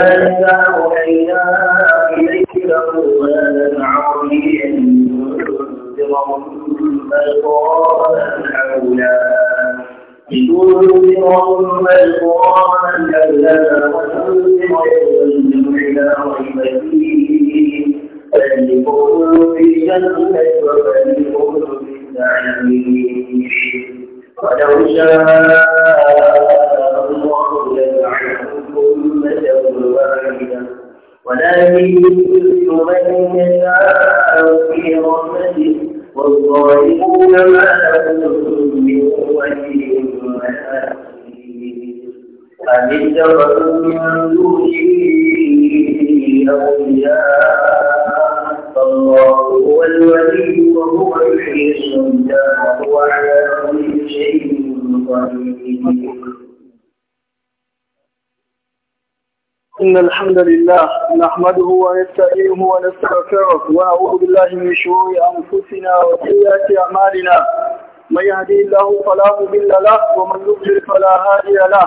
فنزع إلينا إليك قوانا عربيا لتنذرهم القرآن حولا لتنذرهم القرآن حولا وتنذر يوم الجمع ريب فيه فذلك في الجنة وذلك في السعير ولو شاء بعيدا ولكن يذل من يشاء في رحمته والظالمون ما لهم من ولي ولا أم اتخذوا من دونه أولياء فالله هو الولي وهو يحيي الموتى وهو على كل شيء قدير إن الحمد لله نحمده ونستعينه ونستغفره ونعوذ بالله من شرور أنفسنا وسيئات أعمالنا من يهدي الله فلا مضل له ومن يضلل فلا هادي له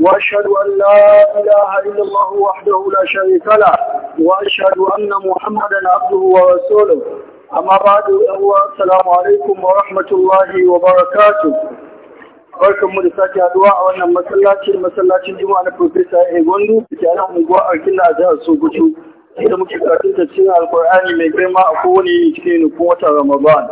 وأشهد أن لا إله إلا الله وحده لا شريك له وأشهد أن محمدا عبده ورسوله أما بعد السلام عليكم ورحمة الله وبركاته barkan mu da sake haduwa a wannan masallacin masallacin juma'a na profesa a gondu da ke unguwa a kila a jihar sokoto da muke karatun tafsirin alkur'ani mai girma a kowane cikin nufin watan ramadan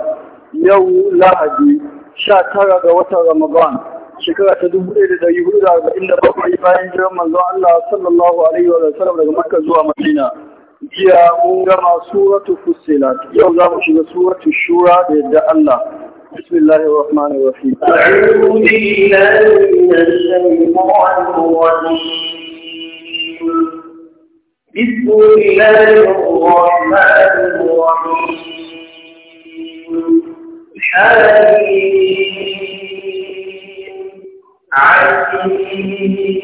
yau lahadi sha tara ga watan ramadan shekara ta dubu ɗaya da ɗari hudu da arba'in da bakwai bayan jiran manzon allah sallallahu alaihi wa sallam daga makka zuwa madina jiya mun gama suratu fusilat yau za mu shiga suratu shura da yadda allah بسم الله الرحمن الرحيم أعوذ بالله من الشيطان الرجيم بسم الله الرحمن الرحيم حميم عزيز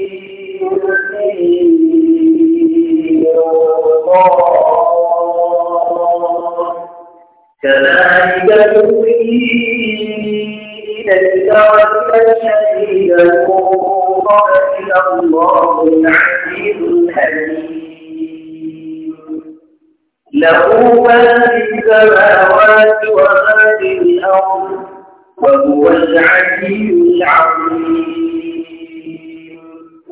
كذلك نوحي إليك والذين قبل الله العزيز الحليم له ما في السماوات وما في الأرض وهو العزيز العظيم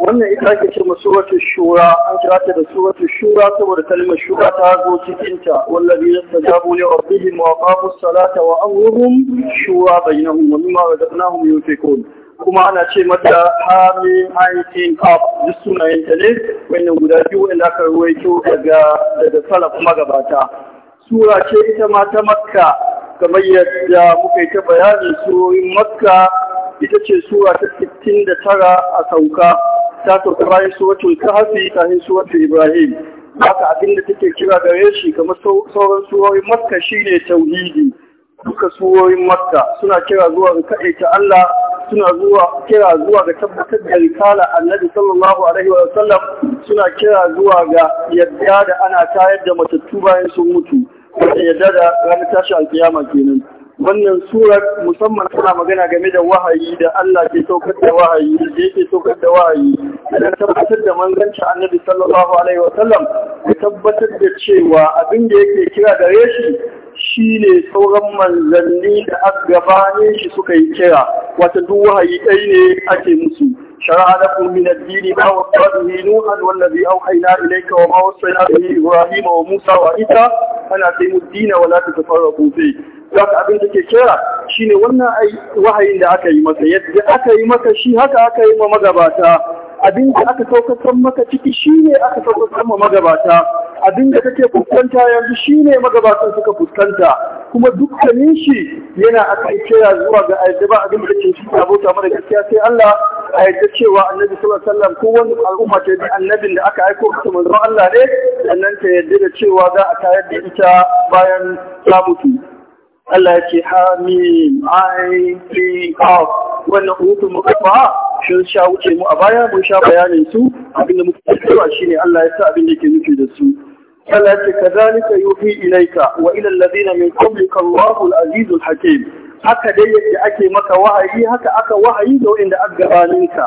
wannan ita ake ce ma wata shura an kira ta da suratu shura saboda kalmar shura ta zo cikin ta wallazi yastajabu li rabbihim wa aqamu salata wa amruhum shura bainahum wa mimma razaqnahum yunfiqun kuma ana ce mata hamim aikin kaf duk sunayen ta ne wannan guda biyu wanda aka ruwaito daga daga salaf magabata sura ce ita ma ta makka kamar yadda muka yi ta bayani surorin makka ita ce sura ta 69 a sauka ta sauka bayan suratul kahfi kafin suratul ibrahim haka abin da take kira gare shi kamar sauran surorin makka shine tauhidi duka surorin makka suna kira zuwa ga kaɗaita Allah suna kira zuwa ga tabbatar da rikala annabi sallallahu alaihi wa suna kira zuwa ga yadda da ana tayar da matattu bayan sun mutu yadda da ranar tashi alkiyama kenan wannan surar musamman tana magana game da wahayi da Allah ke saukar da wahayi da yake saukar da wahayi da tabbatar da manzanci annabi sallallahu alaihi wa sallam da tabbatar da cewa abin da yake kira da reshi shine sauran manzanni da aka shi suka yi kira wata duk wahayi ɗaya ne ake musu شرع لكم من الدين ما وصى به نوحا والذي اوحينا اليك وما وصينا به ابراهيم وموسى وعيسى ان اقيموا الدين ولا تتفرقوا فيه Zaka abin da ke kera shine wannan wahayin da aka yi masa yadda aka yi masa shi haka aka yi ma magabata abin da aka saukakan maka ciki shine aka saukakan ma magabata abin da kake fuskanta yanzu shine magabatan suka fuskanta kuma dukkanin shi yana yi kera zuwa ga ayyaba abin da ke shi abota mana gaskiya sai Allah a yadda cewa annabi sallallahu ko wani al'umma ta bi annabin da aka aiko ta manzon Allah ne sannan ta yadda da cewa za a tayar da ita bayan ta mutu Allah ya ce hamim ayin qaf wannan hukun mukaffa shi sha wuce mu a baya mun sha bayanin su abinda muka cewa shine Allah ya sa abin da ke nufi da su Allah ya ce kadhalika yuhi ilayka wa ilal alladhina min qablika Allahu al-azizul hakim haka dai yake ake maka wahayi haka aka wahayi da wanda aka gabaninka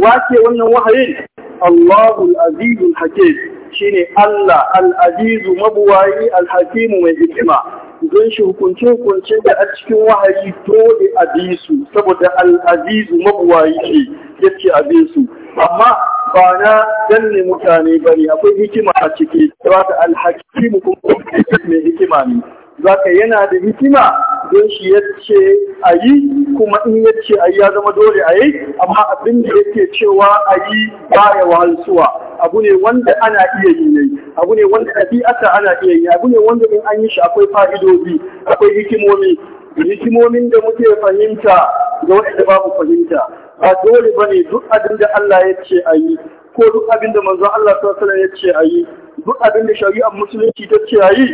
wace wannan wahayin Allahu al-azizul hakim shine Allah al-azizu mabuwayi al-hakimu mai hikima don shi hukunce-hukunce da a cikin wahayi dole a bi su saboda al'azizu mabuwa yake ya a bi su amma ba na danne mutane ba ne akwai hikima a ciki za ka alhakimu kuma mai hikima ne za ka yana da hikima don shi ya ce a yi kuma in ya ce a yi ya zama dole a yi amma abin da yake cewa a yi ba ya wahalsuwa abu ne wanda ana iya yi ne abu ne wanda ɗabi'ata ana iya yi abu ne wanda in an yi shi akwai fa'idodi akwai hikimomi hikimomin da muke fahimta ga da babu fahimta ba dole ba ne duk abin da Allah ya ce a yi ko duk abin da manzon Allah sallallahu alaihi wasallam ya ce a yi duk abin da shari'ar musulunci ta ce yi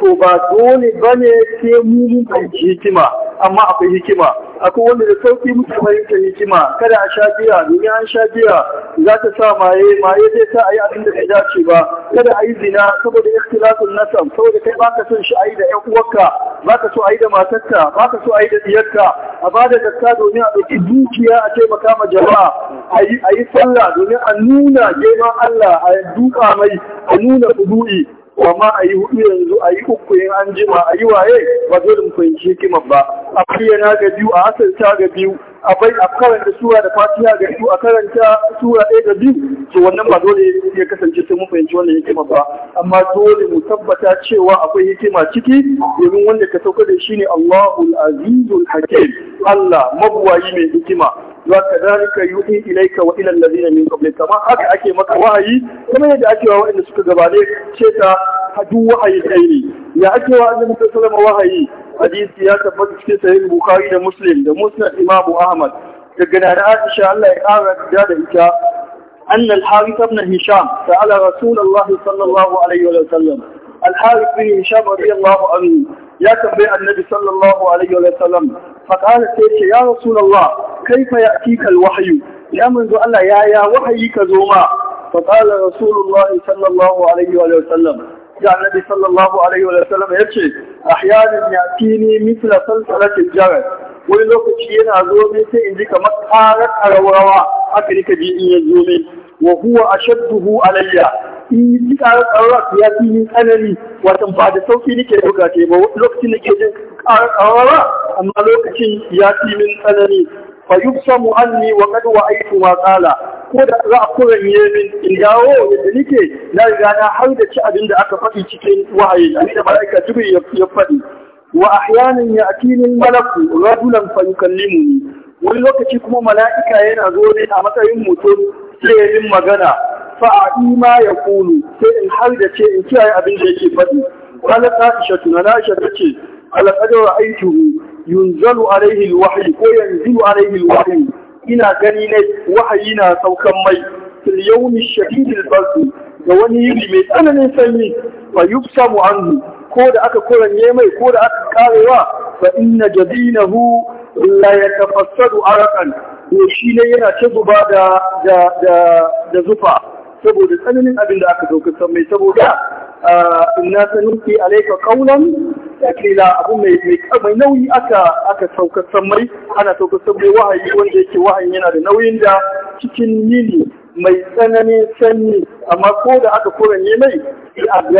to ba dole bane sai mu fahimci hikima amma akwai hikima akwai wanda da sauki muke fahimtar hikima kada a sha biya domin an sha biya za ta sa maye maye zai sa a yi abin da bai dace ba kada a yi zina saboda ikhtilafin nasab saboda kai baka son shi a yi da ƴan uwarka baka so a yi da matarka baka so a yi da diyarka a ba da zakka domin a ɗauki dukiya a taimaka ma jama'a a yi sallah domin a nuna girman Allah a duka mai a nuna kudu'i amma a yi hudu yanzu a yi uku yin an jima a yi waye ba zai mu fahimci hikimar ba a bayyana ga biyu a asalta ga biyu a bai a karanta sura da fatiha ga biyu a karanta sura ɗaya ga biyu to wannan ba dole ya kasance sai mun fahimci wannan hikima ba amma dole mu tabbata cewa akwai hikima ciki domin wanda ka sauka da shi ne Allahul Azizul Hakim Allah mabuwayi mai hikima wa kadhalika yuhi ilayka wa ila alladhina min kamar haka ake maka wahayi kamar yadda ake wa waɗanda suka gabane ce ta hadu wahayi kai ya ake wa annabi sallallahu wahayi hadisi ya tabbata cikin sahih bukhari da muslim da musnad imamu ahmad daga da Aisha Allah ya ƙara da ita أن الحارث بن هشام سأل رسول الله صلى الله عليه وسلم الحارث بن هشام رضي الله عنه يا تنبي النبي صلى الله عليه وسلم faƙala sai ce ya rasulullah kaifa ya'tika wahayu. ya manzo Allah ya ya wahayi ka zo ma faƙala rasulullah sallallahu alaihi wa sallam ya annabi sallallahu alaihi wa sallam yace ahyanan ya'tini mithla salsalati jarad wani lokaci yana zo sai in ji kamar ƙarar ƙararrawa haka nika ji in ya zo min wa huwa ashadduhu alayya in yi ƙarar ƙararra ya fi yin tsanani watan ba da sauƙi nake buga ce ba lokacin nake jin ƙarar ƙararra amma lokacin ya fi min tsanani fa yubsamu anni wa qad wa'aytu ma ko da za a yi min in dawo yadda nake na riga na har da ci abin da aka faɗi cikin wahayi abin da mala'ika jibril ya faɗi wa ahyanan ya'tini al-malaku rajulan fa yukallimuni wani lokaci kuma mala'ika yana zo ne a matsayin mutum sai yin magana fa a ya kulu sai in har da ce in kiyaye abin da yake faɗi ta aisha tuna aisha tace ala qad ra'aytuhu yunzalu alaihi wahayi ko yanzilu alaihi wahayi. ina gani ne wahayi na saukan mai fil yawmi shadid albardi da wani yiri mai tsananin sanyi wa yubsamu anhu ko da aka koranye mai ko da aka karewa fa inna jabinahu la yatafassadu arqan to shi ne yana ta zuba da da da zufa saboda tsananin abin da aka saukar san mai saboda inna sanulki alaika kaunan takila abu mai nauyi aka aka mai ana sauka san mai wahayi wanda yake wahayi yana da nauyin da cikin yini mai tsananin sanyi amma ko da aka yi mai sai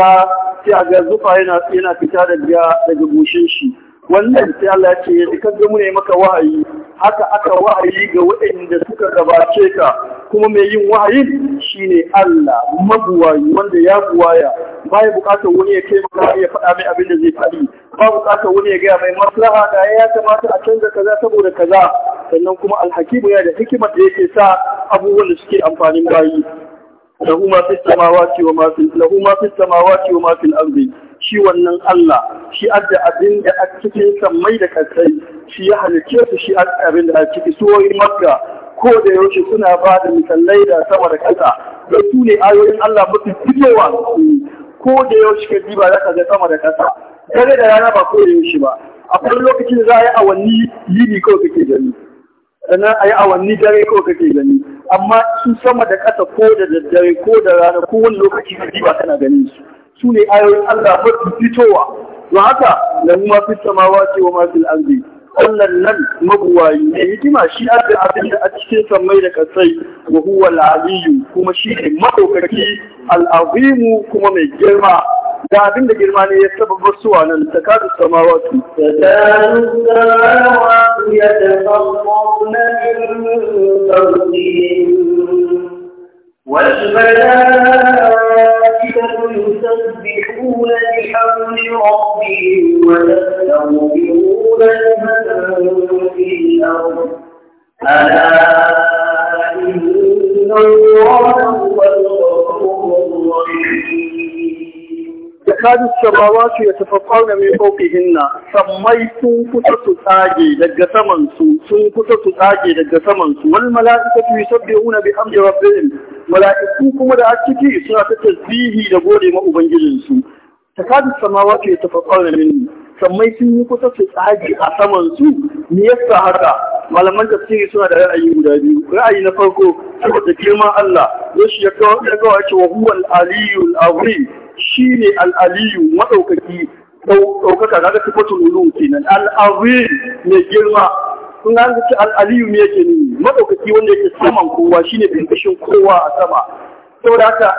a ga zufa yana yana fita daga daga goshin shi wannan sai Allah ya ce duka ga mu ne maka wahayi haka aka wahayi ga waɗanda suka gabace ka kuma mai yin wahayi shine Allah Maguwayi, wanda ya buwaya bai bukatar wani ya kai taimaka ya faɗa mai abin da zai faɗi ba bukatar wani ya gaya mai maslaha da ya kamata a canza kaza saboda kaza sannan kuma alhakimu ya da hikimar da yake sa abubuwan da suke amfanin bayi lahu ma fi samawati wa ma fi lahu ma samawati wa ma fi ardi shi wannan Allah shi adda abin da a cikin sammai da kasai shi ya halice su shi abin da a ciki suwoyin makka ko da yaushe suna ba da misalai da sama da kasa don su ne ayoyin Allah mafi fitowa ko da yaushe ka diba za ka ga sama da kasa dare da rana ba ko da yaushe ba A akwai lokacin za a yi awanni yini kawai kake gani sannan a yi awanni dare kawai kake gani amma su sama da kasa ko da daddare ko da rana ko wani lokaci ka diba kana ganin su su ne ayoyin Allah mafi fitowa don haka lahu ma fi samawati wa ma fil nan mabuwayi ne hikima shi aka abin da a cikin samai da kasai wa huwa kuma shi ne madaukaki al'azimu kuma mai girma da abin da girma ne ya saba barsuwa nan ta kadu samawatu takadu samawatu ya tafammuna min وَالْمَلَائِكَةُ يُسَبِّحُونَ بِحَمْدِ رَبِّهِمْ وَيَسْتَغْفِرُونَ لِمَن فِي الْأَرْضِ أَلَا إِنَّ اللَّهَ هُوَ الْغَفُورُ الرَّحِيمُ كاد السماوات يتفطرن من فوقهن سميت فتتاجي daga samansu sun fita tsage daga samansu wal malaikatu yusabbihuna bihamdi rabbihim mala'iku kuma da acikiri suna ta tasbihi da gode ma ubangijinsu takadu samawati yatafaqqarna minni sammai sun yi kusa su tsage a saman su me yasa haka malaman tafsiri suna da ra'ayi guda biyu ra'ayi na farko saboda girman Allah yashi ya kawo ya kawo cewa huwa al al-azim shine al-aliyyu madaukaki daukaka kaga sifatul ulu kenan al-azim mai girma kun ga ci al'aliyu ne yake ni madaukaki wanda yake saman kowa shine binkishin kowa a sama saboda haka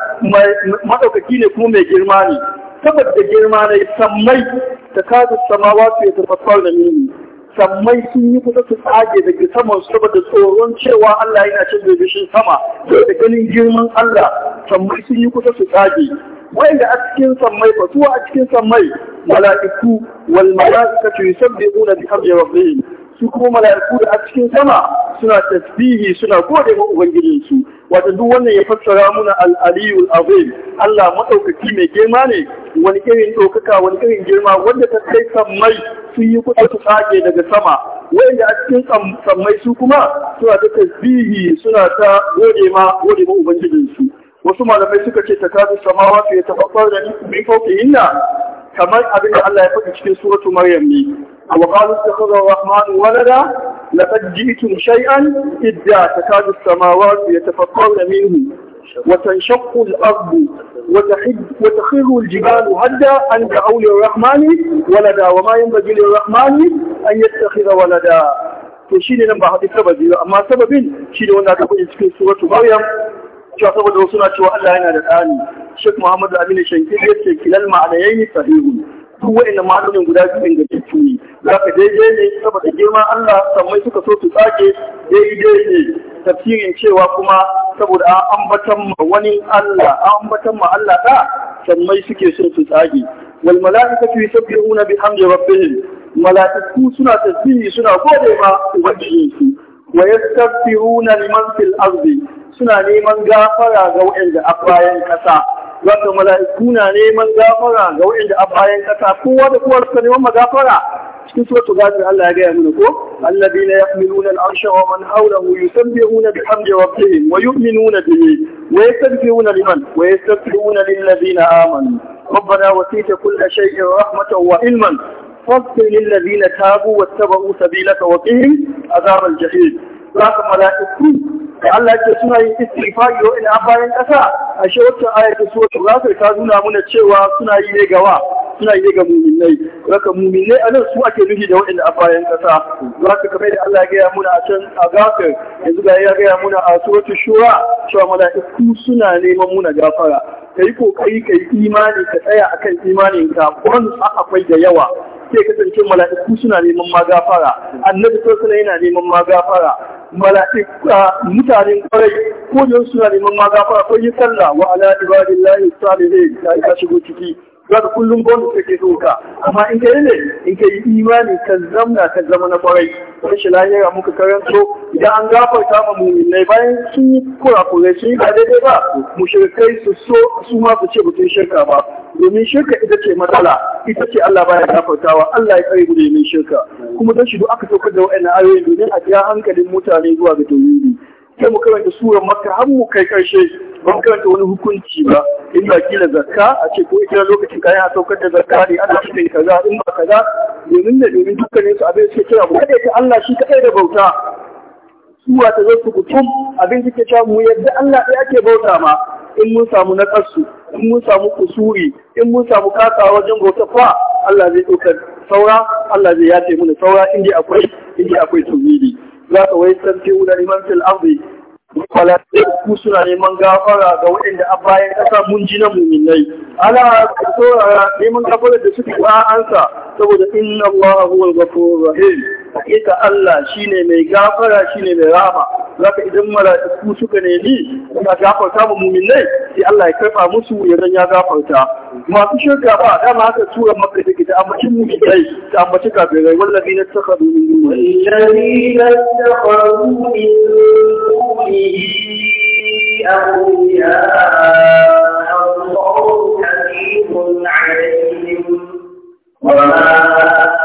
madaukaki ne kuma mai girma ne saboda girma ne sammai ta kasu sama, su ya tafaffar da nini sammai sun yi kusa su tsage daga saman saboda tsoron cewa Allah yana cin bibishin sama da ganin girman Allah sammai sun yi kusa su tsage wanda a cikin sammai ba a cikin sammai mala'iku wal mala'ikatu yusabbihuna bihamdi rabbihim su kuma mala'iku da a cikin sama suna tasbihi suna gode ma ubangijinsu Wata wato duk wannan ya fassara muna al-aliyul Allah madaukaki mai girma ne wani irin ɗaukaka wani irin girma wanda ta kai sammai sun yi kuɗa su sake daga sama wanda a cikin sammai su kuma suna ta tasbihi suna ta gode ma gode ma ubangijinsu wasu malamai suka ce ta kasu samawa su ya tafaffar da ni min fauki kamar abin da Allah ya faɗi cikin suratu Maryam ne وقالوا اتخذ الرحمن ولدا لقد جئتم شيئا إدا تكاد السماوات يتفطرن منه وتنشق الأرض وتخر الجبال هدا أن دعوا للرحمن ولدا وما ينبغي للرحمن أن يتخذ ولدا to ne nan ba haɗi sababi ba amma sababin ne wanda aka faɗi cikin suratu Maryam cewa saboda wasu na cewa Allah yana da ɗani Sheikh Muhammadu Aminu Shankir ya ce kilal ma'anayaini sahihun duk wa'annan malamin guda biyu ingantattu ne za ka daidai ne saboda girman Allah sammai suka so su tsage daidai ne tafsirin cewa kuma saboda an ambatan ma wani Allah an ambatan ma Allah da sammai suke so su tsage wal mala'ikatu yusabbihuna bihamdi rabbihim mala'iku suna tasbihi suna gode ma su wa yastaghfiruna liman fil ardi suna neman gafara ga wa'anda a bayan kasa wato mala'iku na neman gafara ga wa'inda a bayan ƙasa kowa da kowa suka neman magafara cikin suratul ghafir Allah ya gaya mana ko alladina yahmiluna al-arsha wa man hawlahu yusabbihuna bihamdi rabbihim wa yu'minuna bihi wa yastaghfiruna liman wa yastaghfiruna lilladina amanu ربنا وسيت كل شيء رحمة وعلما فاغفر للذين تابوا واتبعوا سبيلك وقهم عذاب الجحيم ذاك ملائكه Allah ya ce suna yin istighfari wa ina bayan kasa? ashe wacce aya ta suratul ta nuna mana cewa suna yi ne gawa suna yi ga mu'minai raka mu'minai anan su ake nufi da wa'in a kasa Za zaka kamar da Allah ya gaya muna a can a gaka yanzu ga ya gaya muna a suratul shura cewa mala'iku suna neman muna gafara kai kokari kai imani ka tsaya akan imaninka kwan akwai da yawa sai kasance mala'iku suna neman ma gafara annabi suna yana neman ma gafara mala'iku mutanen kwarai ko suna neman ma gafara ko yi sallah wa ala ibadillahi salihin ta shigo ciki za ka kullum gonu sai ke ka? amma in kai ne in kai imani ka zamna ka zama na kwarai rashin lahira muka karanto idan an gafarta ma mu'minai bayan sun yi kurakurai sun yi ba daidai ba mu su so su ma su ce mutum shirka ba domin shirka ita ce matsala ita ce Allah baya gafartawa Allah ya kare mu da shirka kuma don shi duk aka saukar da wa'annan ayoyi domin a kira hankalin mutane zuwa ga tauhidi sai mu karanta surar makka har mu kai karshe ba mu karanta wani hukunci ba in ba kila zakka a ce ko kila lokacin kayan a saukar da zakka ne ana cikin kaza in ba kaza domin da domin dukkan su abin suke kira ba. kada ta Allah shi kadai da bauta suwa ta zo su kutum abin suke cewa mu yadda Allah ɗaya ke bauta ma in mun samu naƙasu in mun samu kusuri in mun samu kasa wajen bauta fa Allah zai ɗaukar saura Allah zai yace mu saura in akwai in akwai tauhidi za ka wai san fi da liman fil ardi wala ku suna neman gafara ga waɗanda a bayan kasa mun ji na muminai ala saurara neman gafara da suke ba ansa saboda inna allaha huwal ghafurur rahim hakika Allah shi ne mai gafara shi ne mai rahama zaka idan mala'iku suka nemi suna gafarta mu mu'minai sai Allah ya karba musu ya ya gafarta masu shirka ba dama haka tura maka take ta ambacin mu'minai ta ambacin kafirai wallazina takhadu min dunihi wallazina takhadu أولياء الله Allah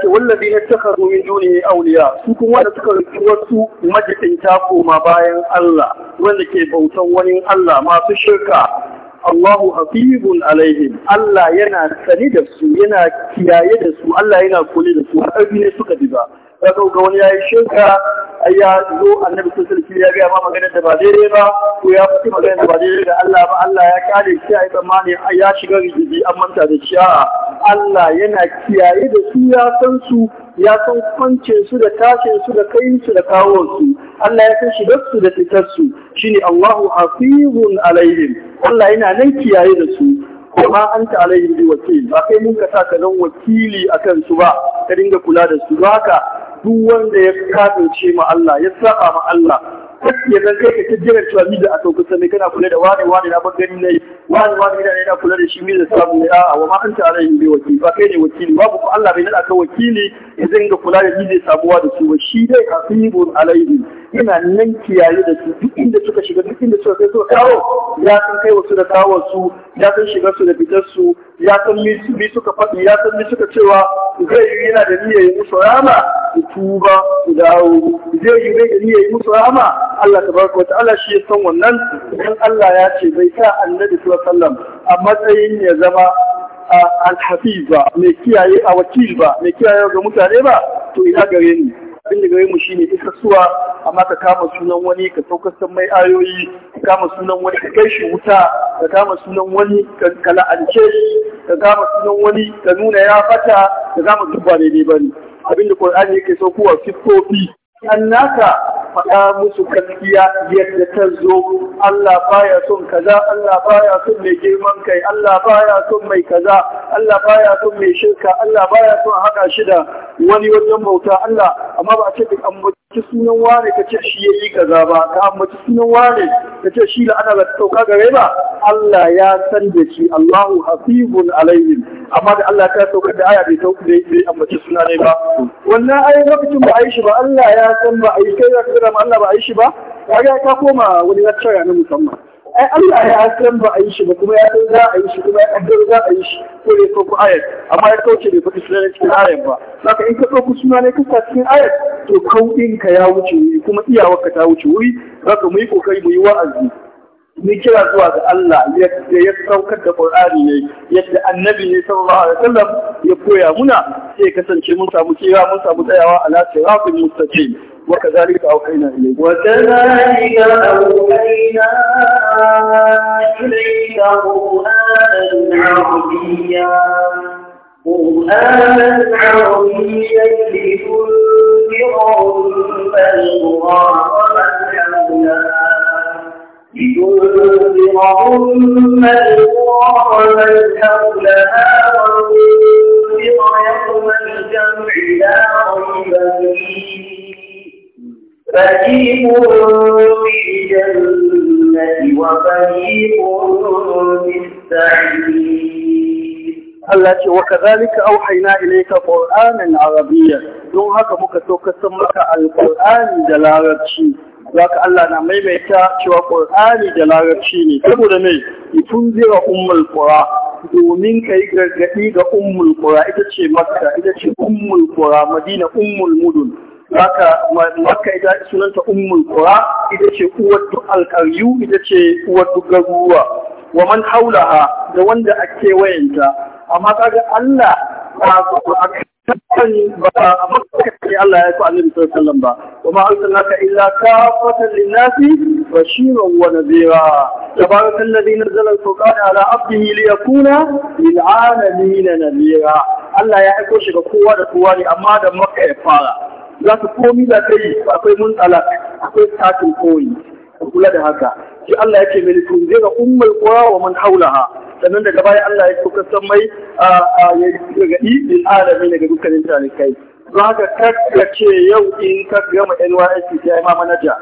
ce wallazi na taka min duniya auliya su kuma wanda suka rufi wasu majikinta koma bayan Allah wanda ke bautan wani Allah masu shirka Allahu hafizun alaihim Allah yana sani da su yana kiyaye da su Allah yana kuli da su har ne suka diba za ga wani ya yi shirka ai ya zo annabi sun sarki ya gaya ma maganar da ba daidai ba ko ya fi maganar da ba daidai da Allah ba Allah ya kare shi a yi tsammani ya shiga rigidi an manta da shi Allah yana kiyaye da su ya san su ya san kwance su da tashin su da kai su da kawo su Allah ya san shigar su da fitar su shine Allahu hafizun alaihim Allah yana nan kiyaye da su Kuma an ta alayhi bi wakil ba kai mun ka sa ka zan wakili akan su ba ka dinga kula da su Ba ka, duk wanda ya kasance ma Allah ya saba ma Allah ya zan kai ka ta jiran cewa miza a sauƙin sanai kana kula da wani wani na bangare ne wani wani yana yana kula da shi miza samu ne a'a wa ma an tare yin bi wakili ba kai ne wakili babu ku Allah bai nada ka wakili ya zan ga kula da miza sabuwa da su ba shi dai hasibun alaihi yana nan kiyaye da su duk inda suka shiga duk inda suka kai suka kawo ya san kai wasu da kawo su ya san shigar su da fitar su ya san mi suka faɗi ya san mi suka cewa zai yi yana da niyyar yi musu rama su tuba su dawo zai yi da niyyar yi musu rama Allah ta wata Allah shi ya san wannan in Allah ya ce bai sa annabi sallallahu a matsayin ya zama al-hafiz ba mai kiyaye a wakil ba mai kiyaye ga mutane ba to ina gare ni abin da gare mu shine isa suwa amma ka kama sunan wani ka saukar san mai ayoyi ka kama sunan wani ka kai shi wuta ka kama sunan wani ka la'ance shi ka kama sunan wani ka nuna ya fata ka kama duk ba daidai bane abin da Qur'ani yake saukowa siffofi an naka faɗa musu gaskiya yadda ta zo Allah baya son kaza Allah baya son mai girman kai Allah baya son mai kaza Allah baya son mai shirka Allah baya son haɗa shi da wani wajen bauta Allah amma ba a ce ka ambaci sunan wane ka ce shi ya yi kaza ba ka ambaci sunan wane ka ce shi la'ana ba ta sauka gare ba Allah ya san da shi Allahu hafizun alaihim amma da Allah ta sauka da aya bai sauka bai ambaci suna ne ba wannan ayi lokacin ba a yi shi ba Allah ya san ba a yi kai ya kira Allah ba a yi shi ba kaga ka koma wani lecture na musamman ai Allah ya san ba a yi shi ba kuma ya san za a yi shi kuma ya kaddara za a yi shi ko ne ko ayat amma ya kauce ne faɗi sunan cikin ayat ba saka in ka ɗauko suna ne ka sa cikin ayat to kauɗin ka ya wuce wuri kuma iyawar ka ta wuce wuri zaka mu yi kokari mu yi wa'azi ni kira zuwa ga Allah yadda ya saukar da Qur'ani ne yadda annabi ne sallallahu alaihi wasallam ya koya muna sai kasance mun samu kira mun samu tsayawa a ala siratul mustaqim وكذلك أوحينا إليك وكذلك أوحينا إليك قرآنا عربيا قرآنا عربيا لتنذر أم القرى ومن حولها لتنذر القرى ومن حولها وتنذر يوم الجمع لا ريب فيه فريق بالجنة وفريق بالسعير Allah ce wa kazalika auhayna ilayka qur'anan arabiyyan don haka muka san maka alqur'ani da larabci zaka Allah na maimaita cewa ƙur'ani da larabci ne saboda me tunzira zira qura domin kayi gargadi ga ummul qura ita ce makka ita ce ummul madina ummul mudun haka maka ita sunanta ummul qura ita ce uwar duk alkaryu ita ce uwar duk garuruwa wa man haulaha da wanda a kewayenta amma kaga Allah a kan ba a maka ce Allah ya ku annabi sallallahu alaihi ba wa ma arsalnaka illa kafatan na nasi bashiran wa nadhira tabaraka alladhi nazzala al-furqana ala 'abdihi liyakuna lil-'alamin Allah ya aiko shi ga kowa da kowa ne amma da maka ya fara za ka komi da kai akwai mun tsala akwai satin koyi kula da haka shi Allah yake mai tun zai ga ummul qura wa man haulaha sannan daga baya Allah ya kuka san mai ya yi bil alamin daga dukkanin talikai kai haka ka ce yau in ka gama NYSC sai ma manaja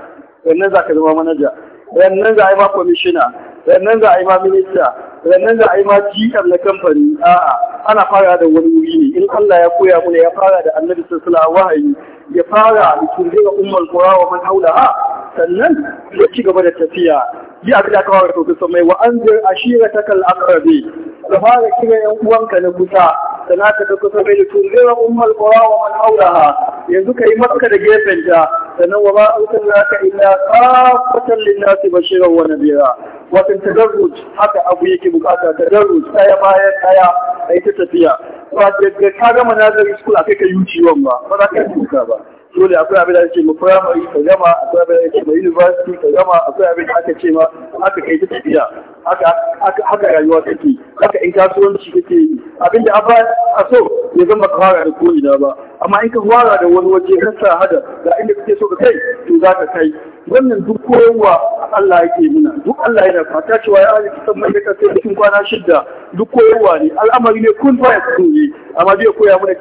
sannan za ka zama manaja sannan za a yi ma kwamishina sannan za a yi ma minista sannan za a yi ma GM na kamfani a'a ana fara da wani wuri ne in Allah ya koya mana ya fara da annabi sallallahu alaihi wasallam ya fara da umar kura wa man ha sannan ya ci gaba da tafiya bi abin da aka fara kusa mai wa ta kal akrabi da fara kira yan uwanka na kusa sana ka kusa mai tunzira umar kura wa man ha yanzu ka yi maka da gefen ta sannan wa ba arsalna ka illa kafatan linnasi bashirar wa nadira wato tadarruj haka abu yake bukata tadarruj ɗaya bayan daya ai ta tafiya ba da ka gama nazari school akai ka yuci wan ba ba za ka yi duka ba dole akwai abin da ake ma primary ka gama akwai abin da ake ma university ka gama akwai abin da aka ce ma haka kai ta tafiya haka haka haka rayuwa take haka in kasuwanci kake yi abin da a so ya zama ka fara da koina ba amma in ka fara da wani waje ka sa hada ga inda kake so ka kai to za ka kai wannan duk koyarwa Allah yake nuna duk Allah yana fata cewa ya ali kusan mai ka sai cikin kwana shida duk koyarwa ne al'amari ne kun fa ya yi amma bai koya mana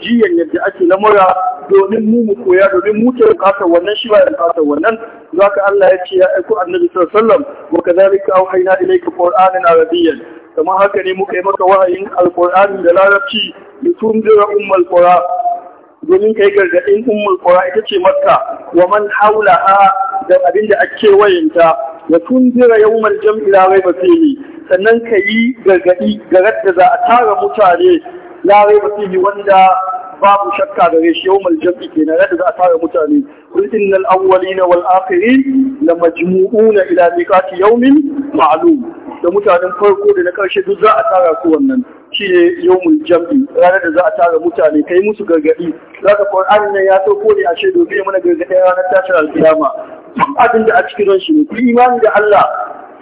jiyan yadda ake lamura domin mu mu koya domin mu ke bukatar wannan shi ba ya bukatar wannan zaka Allah ya ce ya aiko annabi sallallahu alaihi wasallam wa kadhalika auhayna ilayka qur'anan arabiyyan kama haka ne muka yi maka wahayin alkur'ani da larabci da jira ummul qura domin kai gargadin ummul qura ita ce maka wa man haula a da abin da ake wayanta tun jira yawmal jam'i la sai fihi sannan ka yi gargadi ga da za a tara mutane la sai fihi wanda babu shakka gare shi yawmal jam'i na yadda za a tara mutane qul innal awwalina na akhirin na ila miqati yawmin ma'lum da mutanen farko da na karshe duk za a tara su wannan shi ne yawmul jam'i ranar da za a tara mutane kai musu gargadi zaka Qur'ani ne ya sauko ne ashe domin mana gargadi ranar tashin alkiyama duk abin da a cikin shi ne ku imani da Allah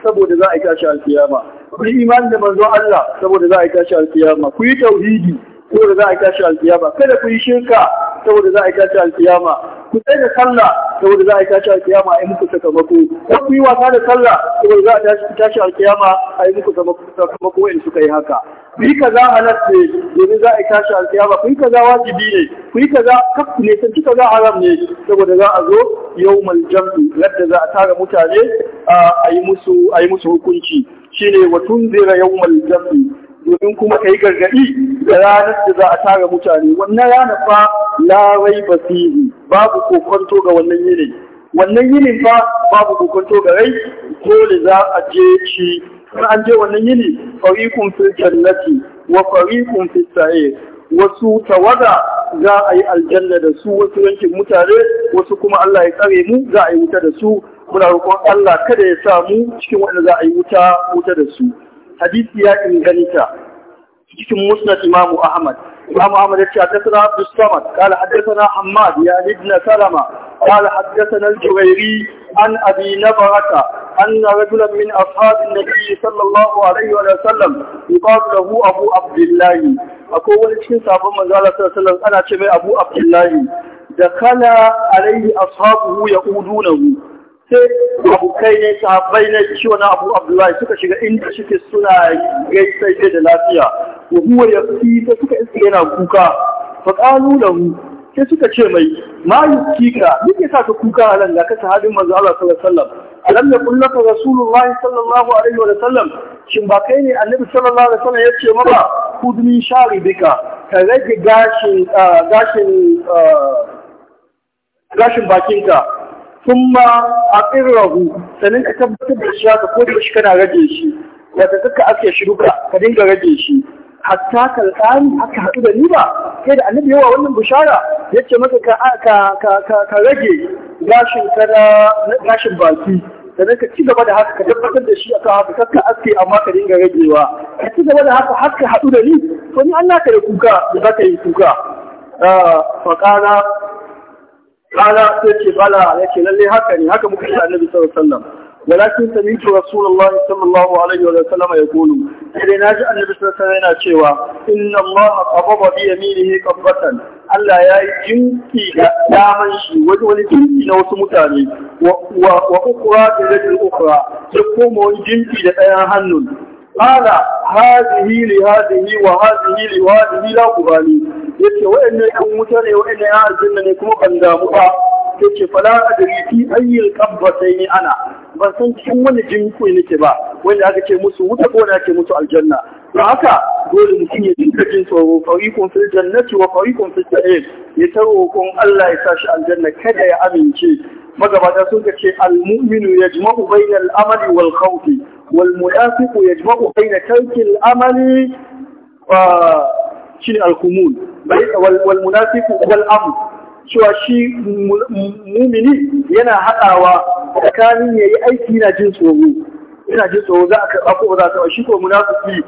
saboda za a yi tashi alkiyama ku imani da manzon Allah saboda za a yi tashi alkiyama ku yi tauhidi saboda za a tashi alkiyama kada ku yi shirka saboda za a tashi alkiyama ku tsaye da sallah saboda za a tashi alkiyama a yi muku sakamako ko ku yi wasa da sallah saboda za a tashi alkiyama a yi muku sakamako in suka yi haka ku yi kaza nan ne domin za a tashi alkiyama ku yi kaza wajibi ne ku yi kaza kaf ne san ci kaza haram ne saboda za a zo yawmal jam'i yadda za a tara mutane a yi musu a yi musu hukunci shine wa tunzira yawmal jam'i domin kuma ka yi gargaɗi da ranar da za a tara mutane wannan ranar fa larai basiri babu kokonto ga wannan yini wannan yinin fa babu kokonto ga rai dole za a je shi kuma an je wannan yini fariqun fil jannati wa fariqun fis sa'ir wasu tawaga za a yi aljanna da su wasu yankin mutane wasu kuma Allah ya tsare mu za a yi wuta da su muna roƙon Allah kada ya sa mu cikin wanda za a yi wuta wuta da su hadisi ya inganta cikin musnad Imam Ahmad Imam Ahmad ya ce hadathana Abdus Samad qala hadathana Hammad ya ibn Salama qala hadathana al-Juwairi an Abi Nabarata anna rajulan min ashab an-nabi sallallahu alaihi wa sallam yuqalu lahu Abu Abdullah akwai wani cikin sabon manzo Allah sallallahu alaihi wa sallam ana ce mai Abu Abdullah dakala alaihi ashabuhu yaqudunahu sai abokai ne sahabbai ne shi wani abu abdullahi suka shiga inda suke suna gaisa da lafiya wa huwa yafi ta suka iske yana kuka fa qalu lahu sai suka ce mai ma yukika yake sa ka kuka a nan ga ka sahabin manzo Allah sallallahu alaihi wasallam alam rasulun laka rasulullah sallallahu alaihi wasallam shin ba kai ne annabi sallallahu alaihi wasallam yace maka kudni shari bika ka rage gashin ah, gashin ah, gashin bakinka a أقره sannan ka tabbatar da shi haka ko da shi kana rage shi wata kaka ake shi duka ka dinga rage shi hatta ka tsari aka haɗu da ni ba sai da annabi yawa wannan bishara ya ce maka ka rage gashin gashin baki sannan ka ci gaba da haka ka tabbatar da shi akan haka kakka aske amma ka dinga ragewa ka ci gaba da haka haka haɗu da ni to ni Allah ka da kuka da za ka yi kuka ah, faƙana kala sai ke bala ke lalle haka ne haka muka yi annabi sallallahu alaihi wasallam walakin sami'tu rasulullahi sallallahu alaihi wa sallam yaqulu sai na ji annabi sallallahu alaihi wasallam yana cewa inna allaha qabada bi yaminihi qabbatan Allah ya yi jinki da daman shi wani wani jinki na wasu mutane wa ukra bi yadin ukra ya koma wani jinki da ɗayan hannun qala hadhihi li hadhihi wa hadhihi li hadhihi la qubali yace wayanne 'yan wuta ne wayanne ya aljanna ne kuma ban damu ba yace fala adri fi ayyil qabbatayn ana ban san cikin wani jinku nake ba wanda aka ce musu wuta ko na ke musu aljanna don haka dole mutum ya dinka jin tsoro fariqun fil jannati wa fariqun fis sa'ir ya taro Allah ya sa shi aljanna kada ya amince magabata sun ce al-mu'minu yajma'u bayna al-amali wal khawf wal munafiqu yajma'u bayna tarki al-amali wa shi al-kumul wal munafiqu wal amr cewa shi mumini yana haɗawa tsakanin yayi aiki na jin tsoro yana jin tsoro za a karɓa ko za a karɓa shi ko munafiki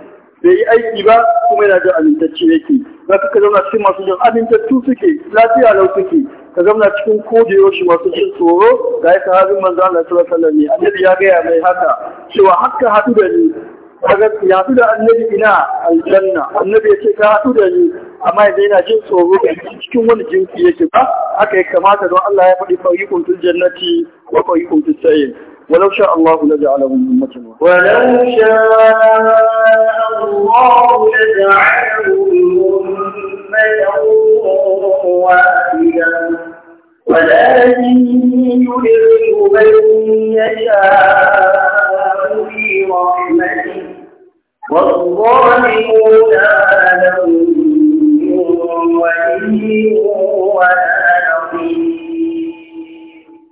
bai yi aiki ba kuma yana jin amintacci yake za ka zauna cikin masu jin amintattu suke lafiya lau suke ka zauna cikin kode shi masu jin tsoro ga ya sahabin manzo Allah sallallahu alaihi wasallam annabi ya gaya mai haka cewa haka haɗu da ni kaga ya haɗu da annabi ina aljanna annabi ya ce ka haɗu da ni amma yanzu yana jin tsoro cikin wani jinsi yake ba haka ya kamata don Allah ya faɗi fa'ikun jannati wa fa'ikun fis sayyid ولو شاء الله لجعلهم أمة واحدة ولو شاء الله لجعلهم أمة واحدة ولكن يدرك من يشاء في رحمته والظالمون لهم ولي ولا نصير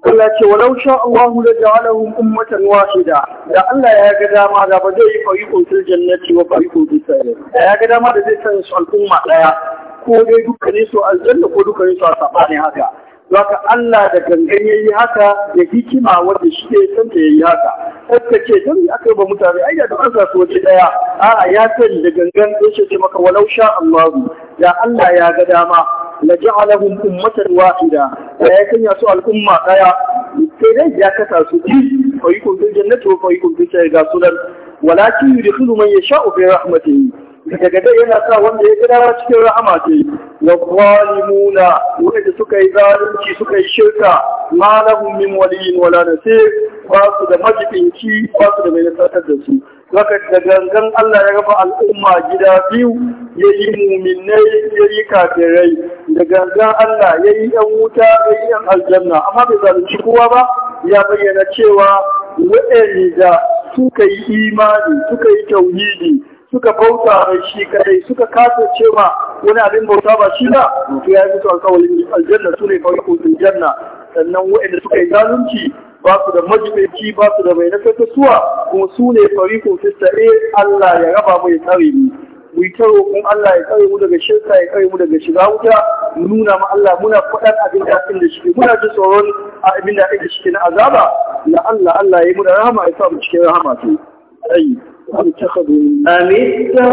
Allah ce walau sha Allahu la ja'alahum ummatan wahida da Allah ya ga dama da ba zai yi fariqun fil jannati wa fariqun fis sa'ir ya ga dama da zai san su al'umma daya ko dai dukkanin su aljanna ko dukkanin su asabani haka Zaka Allah da gangan yi haka da hikima wanda shi ne san da yayi haka sai ce yi aka ba mutane ai da an sa su waje daya a'a ya san da gangan ya ce maka walau sha Allahu da Allah ya ga dama la ja'alahum ummatan wahida da ya sanya su al'umma daya sai dai ya kasa su biyu fa yakun fil jannati wa fa yakun fil sa'ir gasulan walakin yudkhilu man yasha'u fi rahmatihi daga dai yana sa wanda ya gada cikin rahama ce wa zalimuna wanda suka yi zalunci suka yi shirka ma lahum min waliyyin wala nasir ba su da majibinci ba su da mai nasarar da su lokacin da gangan Allah ya raba al'umma gida biyu ya yi muminai ya yi kafirai da gangan Allah ya yi ‘yan wuta ya yi ‘yan aljanna amma bai zalunci kowa ba ya bayyana cewa waɗanda suka yi imani suka yi tauhidi suka bauta mai shi kadai suka kasa cewa wani abin bauta ba shi ba to ya yi mutu alƙawarin aljanna su ne farko janna sannan waɗanda suka yi zalunci ba su da majibinci ba su da mai nakasasuwa kuma su ne farikun fistare Allah ya raba mu ya tsare mu mu ta roƙon Allah ya tsare mu daga shirka ya tsare mu daga shiga wuta mu nuna ma Allah muna faɗan abin da da shi muna ji tsoron abin da ake shi na azaba la Allah Allah ya yi mu da rahama ya sa mu cikin rahama to ai أم اتخذوا من دونه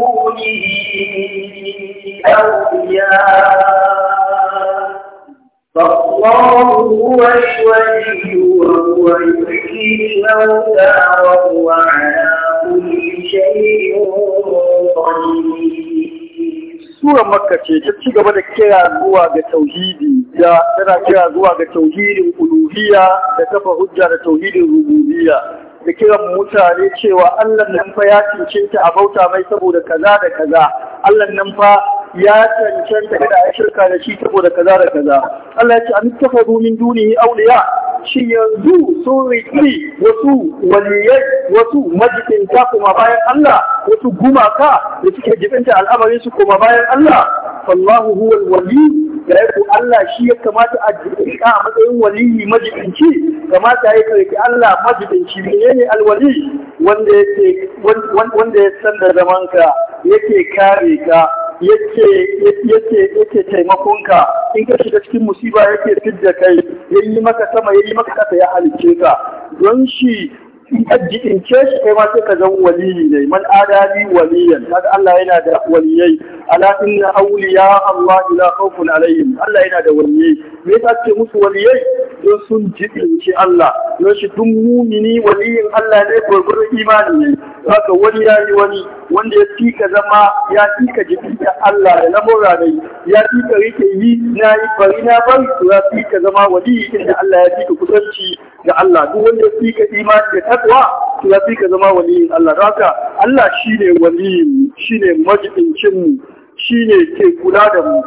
أولياء فالله هو الولي وهو يحيي الموتى وهو على كل شيء قدير Surar Makka ce ta ci gaba da kira zuwa ga tauhidi da tana kira zuwa ga tauhidin uluhiyya da kafa hujja da tauhidin rububiyya da kiran mutane cewa Allah nan fa ya cincinta a bauta mai saboda kaza da kaza Allah nan fa ya cancanta da a shirka da shi saboda kaza da kaza Allah ya ce an tafaru min dunihi auliya shi yanzu sun riƙi wasu waliyai wasu majibinta kuma bayan Allah wasu gumaka da suke jibinta al'amarin su kuma bayan Allah sallahu huwal wali da ya Allah shi ya kamata a jikinka a matsayin waliyi majibinci kamata ya karki Allah majibinci menene alwali wanda ya san da zamanka yake kare ka yake taimakonka in ka shiga cikin musiba yake da kai yayi maka sama yayi maka kasa ya halice ka don shi in in ce shi kai ma sai ka zan waliyi ne man adali waliyan kaga Allah yana da waliyai ala inna awliya Allah ila khawfun alaihim Allah yana da waliyai me yasa ce musu waliyai don sun jibinci Allah don shi duk mumini waliyin Allah ne gurgurin imani ne haka wani ya yi wani wanda ya fika zama ya jiki da Allah da lamura ne ya fika rike yi na yi bari na bari to ya fika zama waliyi inda Allah ya fika kusanci ga Allah duk wanda ya fika imani da takwa to ya fika zama waliyin Allah haka Allah shine waliyin shine majibincin mu shine ke kula da mu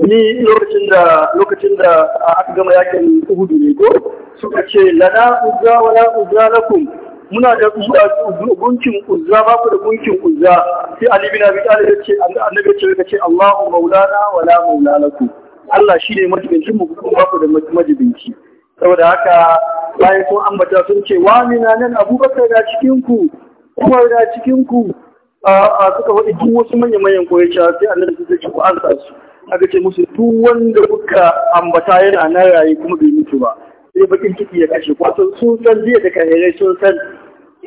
ni lokacin da lokacin da aka gama yakin uhudu ne ko suka ce lana uzza wala uzza lakum muna da gunkin uzza ba ku da gunkin uzza sai ali bin abi talib ya ce annabi ya ce ce Allahu maulana wala maula lakum Allah shine majibincin mu kuma ba ku da majibinci saboda haka bayan sun ambata sun ce wa mina nan abubakar da cikin ku umar da cikin ku a suka faɗi duk wasu manya-manyan koyace sai annabi ya ce ku ansa su aka ce musu duk wanda kuka ambata yana na raye kuma bai mutu ba sai bakin ciki ya kashe kwato sun san jiya da kahirai sun san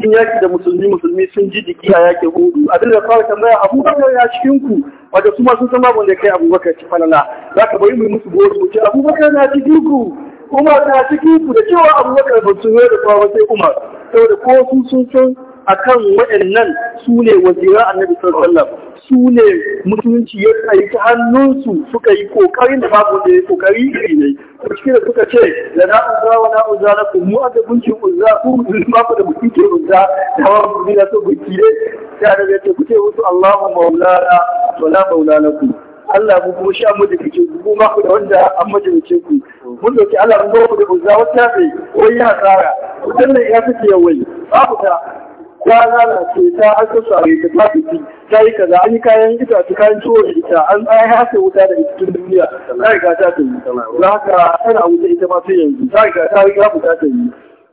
sun yaki da musulmi musulmi sun ji jiki a yakin hudu abin da fara tambaya abubakar ya cikin ku wanda su ma sun san babu da kai abubakar ci falala za ka bari mu musu gori mu ce abubakar na cikin ku umar na cikin ku da cewa abubakar ba su da kowa sai umar saboda ko sun sun san akan waɗannan su ne wazira annabi sallallahu alaihi wasallam su ne mutunci ya tsaye ta hannunsu suka yi kokarin da babu da ya kokari yi ne ko cikin da suka ce da na uzza wa na uzza na ku mu a da bunci uzza ku da ba ku da bunci uzza da ba ku da so bunci ne sai da ya ce ku ce musu Allahu maulana wa la maulana ku Allah mu kuma sha mu da kike ku ma ku da wanda an majalice ku mun dauki Allah mun ba ku da uzza wata bai wai ya tsara wannan ya fice wai babu ta ta lalace ta aka sare ta ta fiti ta yi kaza an yi kayan itace kayan ciwo da ita an tsaya haka wuta da cikin duniya ta riga ta ta yi don haka tana wuta ita ma sai yanzu ta riga ta riga ta ta yi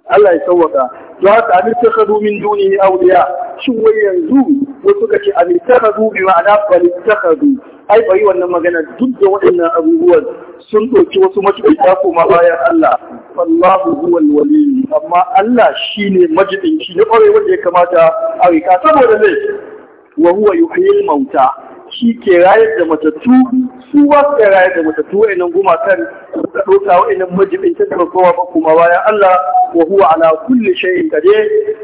Allah ya sauwaka don haka an ta kadu min duni auliya shin wai yanzu wasu kace an ta kadu bi ma'ana bal ta kadu ai bari wannan magana duk da waɗannan abubuwan sun ɗauki wasu matuƙa koma bayan Allah allahu huwal wali amma Allah shine majidin shi ne kwarai wanda ya kamata a rika saboda ne wa huwa al mauta shi ke rayar da matattu su ba su ke rayar da matattu wa'annan gumakan da ɗauka wa'annan majibin ta da kowa ba kuma bayan Allah wa huwa ala kulli shay'in kade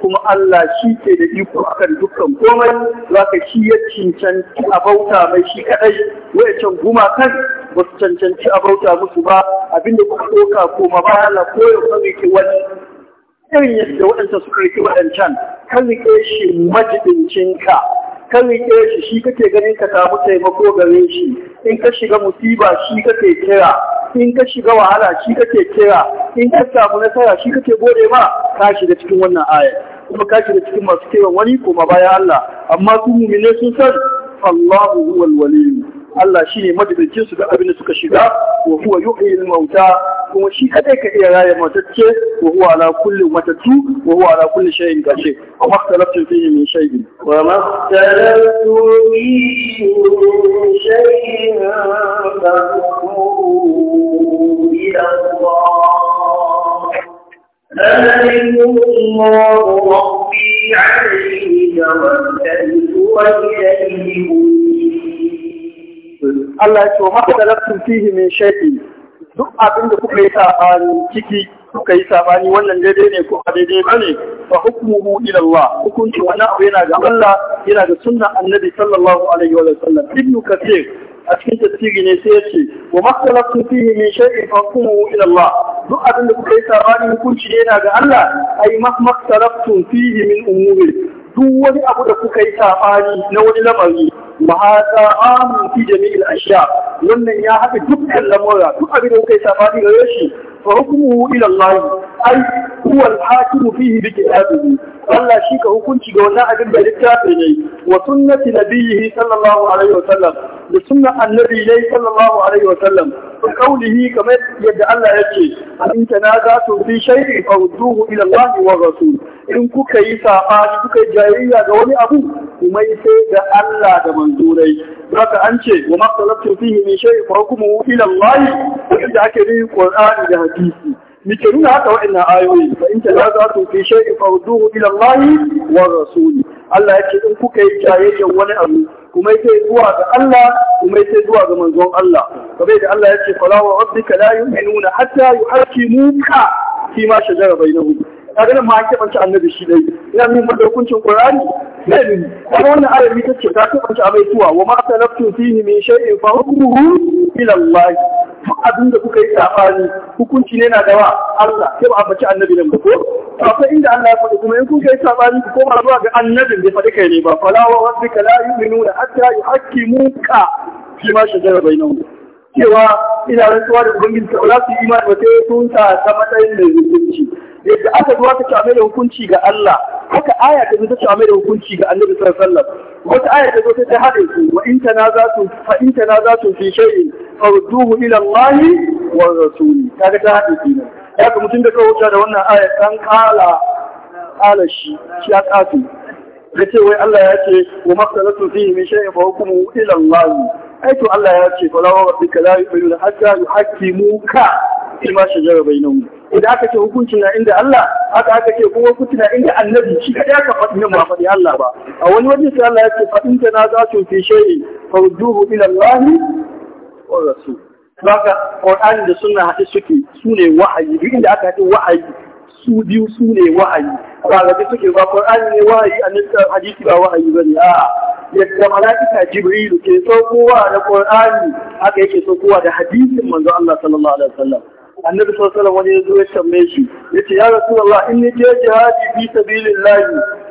kuma Allah shi ke da iko akan dukkan komai zaka shi ya cincanci a bauta mai shi kadai wa'annan gumakan ba su cancanci a bauta musu ba abinda kuka ɗauka ko ma ba Allah ko ya ke wani irin yadda waɗansa suka rike waɗancan kan rike shi majidincinka kan rike shi shi kake ganin ka samu taimako gare shi in ka shiga musiba shi kake kira in ka shiga wahala shi kake kira in ka samu nasara shi kake gode ma ka shiga cikin wannan ayar kuma ka shiga cikin masu kiran wani ko ma bayan Allah amma su mumine sun san Allahu huwal waliyyu Allah shi ne madubicin su da abin da suka shiga wa huwa yuhyi al-mauta kuma shi kadai ka iya raya matacce wa huwa ala kulli matatu wa huwa ala kulli shay'in kashi wa ma fihi min shay'in wa ma talaftu bi shay'in fa'tuhu ila Allah ذلكم الله ربي عليه توكلت وإليه Allah ya ce wa maka talattun fihi min shay'i duk abin da kuka yi sabani ciki kuka yi sabani wannan daidai ne ko ba daidai bane fa hukmuhu ila Allah hukunci wannan abu yana ga Allah yana ga sunnan Annabi sallallahu alaihi wa sallam Ibn Kathir a cikin tafsiri ne sai ya ce wa maktalaftu fihi min shay'in fa hukmuhu ila Allah duk abin da kuka yi sabani hukunci ne yana ga Allah ai maktalaftu fihi min umuri duk wani abu da kuka yi sabani na wani lamari ma'ata amu fi jami'il ashiya wannan ya haɗa dukkan lamura duk abin da kuka yi safari gare shi fa hukmuhu ila Allah ai huwa al-hakim fihi bi kitabihi Allah shi ka hukunci ga wannan abin da littafi ne wa sunnati nabiyhi sallallahu alaihi wa sallam da sunnan annabi ne sallallahu alaihi wa sallam da kaulihi kamar yadda Allah yake in tanaza tu fi shay'in farudduhu ila Allah wa rasul in kuka yi saɓani kuka yi jayayya ga wani abu kuma yi sai da Allah da manzurai haka an ce wa masalatu fihi min shay'in fa hukmuhu ila Allah inda ake yin Qur'ani da hadisi muke nuna haka waɗannan ayoyi fa in ta za su fi shay'in fa ruduhu ila Allah wa rasuli Allah ya ce in kuka yi jayayyan wani abu kuma yake zuwa ga Allah kuma yake zuwa ga manzon Allah kamar da Allah ya ce fala wa rabbika la yu'minuna hatta yuhaqqimuka fi ma shajara bainahum kaga nan ma ake banci annabi shi dai ina min mun hukuncin qur'ani sai kuma wannan ayar ta ce ta banci abai tuwa wa ma talaftu fihi min shay'in fa hukmuhu ila Allah duk abin da kuka yi sabani hukunci ne na dawa Allah sai ba a baci annabi nan ba ko inda Allah ya faɗi kuma in kun kai sabani ku koma zuwa ga annabi bai faɗi kai ne ba fala wa rabbika la yu'minuna hatta yuhaqqimuka fi ma shajara bainahum cewa ina rantsuwa da ubangiji ta za su yi imani ba ya sun ta matsayin mai hukunci yadda aka zuwa ta cewa da hukunci ga Allah haka aya ta zo ta cewa da hukunci ga Annabi sallallahu alaihi wasallam wata aya ta zo ta hade su wa in tanazatu fa in tanazatu fi shay'in farduhu ila Allah wa rasuli kaga ta hade su ne kaga mutum da kawo da wannan aya an kala kala shi shi ya kafi yace wai Allah ya ce wa masalatu fi min shay'in fa hukmu ila Allah ai to Allah ya ce fa la rabbika la yu'minuna hatta yuhaqqimuka bima shajara bainahum idan aka ce hukunci na inda Allah haka aka ce kuma hukunci na inda annabi shi kadai aka faɗi ne ba faɗi Allah ba a wani waje sai Allah ya ce faɗin ta na za su fi shay'i farduhu ila Allah wa rasul haka Qur'an da sunna hadis suke sune wa'ayi duk inda aka ce wa'ayi su biyu su ne wa'ayi ba ga suke ba Quran ne wa'ayi annabi hadisi ba wa'ayi bane a'a yadda mala'ika jibrilu ke kowa da qur'ani haka yake kowa da hadisin manzo Allah sallallahu alaihi wasallam annabi sallallahu wani ya zo ya tambaye shi yace ya rasulullah inni ni je jihadi fi sabilillah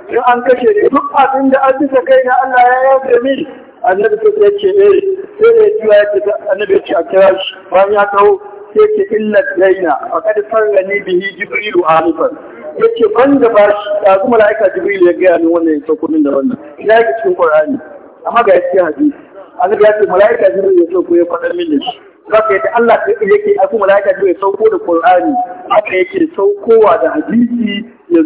in an kashe ni duk abin da an bisa kai na Allah ya yarda min annabi sallallahu ya ce eh sai da jiwa yace annabi ya ce a kira shi bayan ya kawo sai ce illa daina a kada sarrani bihi jibrilu alifan yace ban ba shi da kuma malaika jibril ya gaya min wannan ya sauko min da wannan ya ga cikin qur'ani amma ga yace hadisi annabi ya ce malaika jibril ya ko ya faɗa min da shi za ka yadda Allah ta yake kuma malaika zai sauko da Qur'ani haka yake saukowa da hadisi ya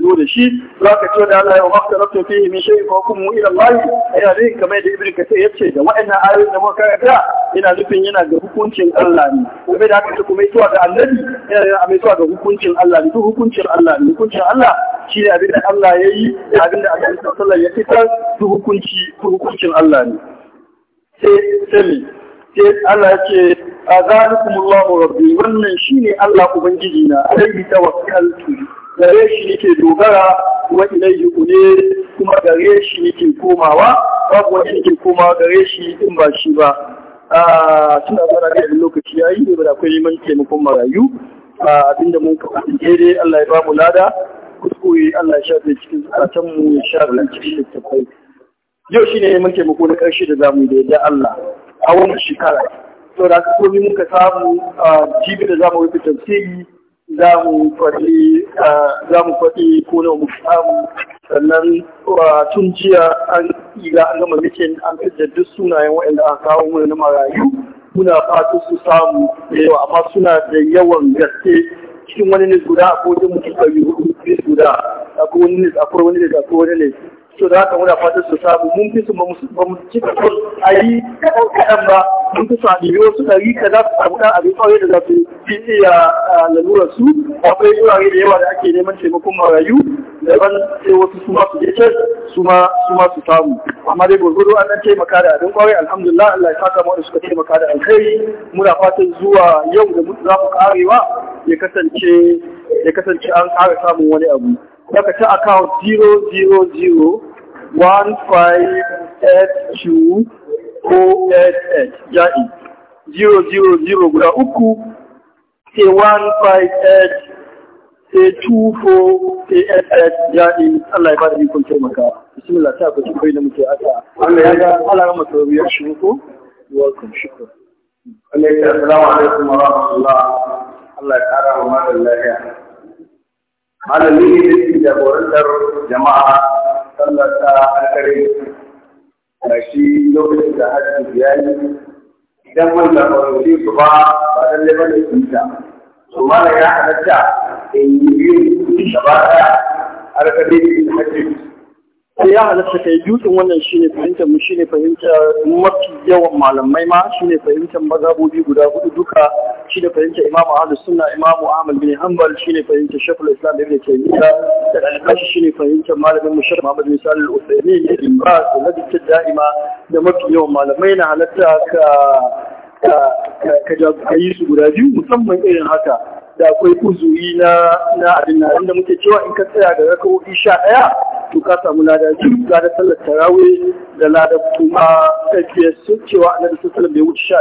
zo da shi za ka ce da Allah ya wafta rabta fihi min shay'in fa hukmu ila Allah ya dai kamar da ka sai yace da wa'annan ayoyin da muka karanta ina nufin yana ga hukuncin Allah ne kuma da haka kuma zuwa da Annabi yana da mai zuwa ga hukuncin Allah ne duk hukuncin Allah ne hukuncin Allah shi ne abin da Allah ya yi da abin da Allah ya fitar duk hukunci hukuncin Allah ne sai sai sai Allah ke a zalikum mu rabbi wannan shine Allah ubangiji na alaihi tawakkaltu gare shi nake dogara kuma ilaihi une kuma gare shi nake komawa babu wani nake komawa gare shi in ba shi ba a suna zara da lokaci yayi ne ba da akwai neman taimakon marayu abinda mun kafa daidai Allah ya ba mu lada kuskure Allah ya shafe cikin zakatanmu ya shafe cikin littattafai yau shine neman taimako na ƙarshe da zamu da yadda Allah a wannan shekara to da ka komi muka samu jibi da zamu rufe tafsiri za mu faɗi za mu faɗi ko na mu samu sannan tun jiya an iga an gama mitin an fitar duk sunayen waɗanda aka kawo mu na marayu muna fatan su samu da yawa amma suna da yawan gaske cikin wani ne guda a kodin mutum ɗari hudu guda akwai wani ne akwai wani ne akwai wani ne to da haka muna fatan su samu mun fi su ba mu ci kaso a yi kaɗan kaɗan ba mun fi su a wasu ɗari ka za su samu ɗan abin kawai da za su fi iya lalurar su akwai wurare da yawa da ake neman taimakon marayu daban sai wasu su ma su je can su ma su ma su samu amma dai gwargwado an taimaka da abin kawai alhamdulillah Allah ya saka mu da suka taimaka da alkhairi muna fatan zuwa yau da za mu karewa ya kasance ya kasance an ƙara samun wani abu daga ta account 0001582 ja'i 000 guda uku sai 158 sai 24 sai SS ya'i Allah ya bada kun taimaka bismillah ta kwaci kai da muke aka Allah ya ga Allah ya masa rubiyar shi ko welcome shukr Allah ya assalamu alaikum wa rahmatullah Allah ya kara wa malam lafiya malami da ke jagorantar jama'a sallata alkarin da shi lokacin da hajji ya yi idan mun da kwarori su ba ba dan lebar da su ta su mana ya halatta in yi biyu da gaba ɗaya alkarin da hajji ya halatta kai dutsen wannan shine fahimtar mu shine fahimtar mafi yawan malamai ma Shi ne fahimtar mazhabobi guda hudu duka shi ne fahimtar Imam Ahlus Sunna Imam Ahmad bin Hanbal ne fahimtar Shaykhul Islam Ibn Taymiyyah da al shi ne fahimtar malamin mu Sheikh Muhammad bin Salih Al-Uthaymeen da Ibn Baz da Lajnat Da'ima da mafi yawan malamai na halatta ka ka ka yi su guda biyu musamman irin haka da akwai uzuri na na abin nan inda muke cewa in ka tsaya da rakawoyi sha daya. to ka samu lada ga da sallar tarawih da lada kuma tafiyar su cewa da sallar bai wuce sha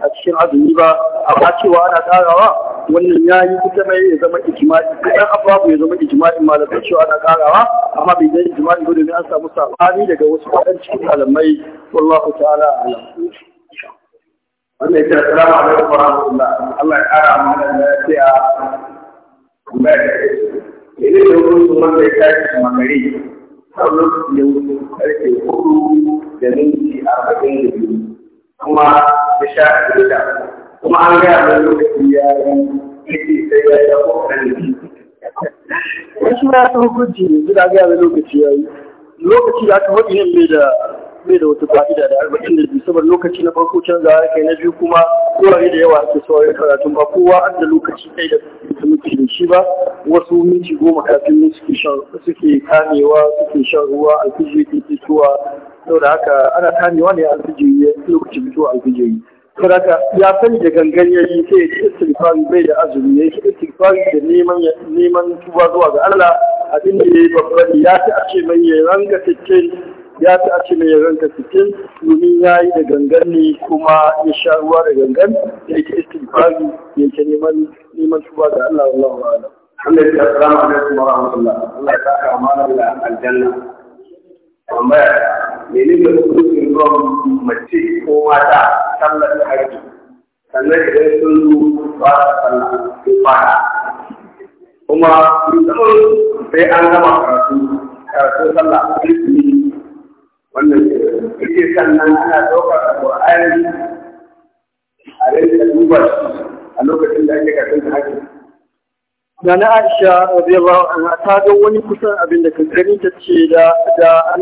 a cikin azumi ba amma cewa ana ƙarawa wannan ya yi mai ya zama ijma'i kaɗan ababu ya zama ijma'in malamai cewa ana karawa amma bai zai ijma'i ba domin an samu saɓani daga wasu kaɗan cikin malamai wallahu ta'ala alam wannan ya ce assalamu alaikum wa rahmatullah Allah ya kara mana lafiya kuma ya ce ne da hukuncin wanda ya tashi magari har lokacin ya wuce karfe hudu da minti arba'in da biyu kuma ya sha da kuma an gaya mai lokaci ya yi sai ya yi abokan da shi ya san hukunci ne, zai gaya mai lokaci ya yi. Lokaci da aka hudu ne da bai da wata fa'ida da arba'in da biyu saboda lokaci na farko canza ya kai na biyu kuma wurare da yawa ake sauraron karatun ba kowa an da lokaci kai da muke da shi ba wasu minti goma kafin ne suke shan suke kamewa suke shan ruwa alfijiri ke fitowa saboda haka ana kamewa ne alfijiri lokacin fitowa alfijiri saboda ya sani da gangan ya yi sai ya istighfari bai da azumi ya yi istighfari da neman neman tuba zuwa ga Allah abin da ya yi babban ya ta ce mai ya ranga sittin ya fi a ce mai ranka sittin domin ya yi da gangan ne kuma ya sha ruwa da gangan ya yi istighfari ya ce neman neman tuba da Allah wallahu a'lam alhamdulillah assalamu alaikum wa rahmatullah Allah ya saka amana da aljanna tambaya menene hukuncin ruwan mace ko mata sallar da hajji sannan idan sun zo ba ta sallah ko fara kuma musamman sai an gama karatu karatu sallah yake sannan ana ɗaukar alƙur'ani a rinka duba a lokacin da ake karɓar da Nana Aisha radiyallahu anha ta ga wani kusan abin da kankani ta ce da da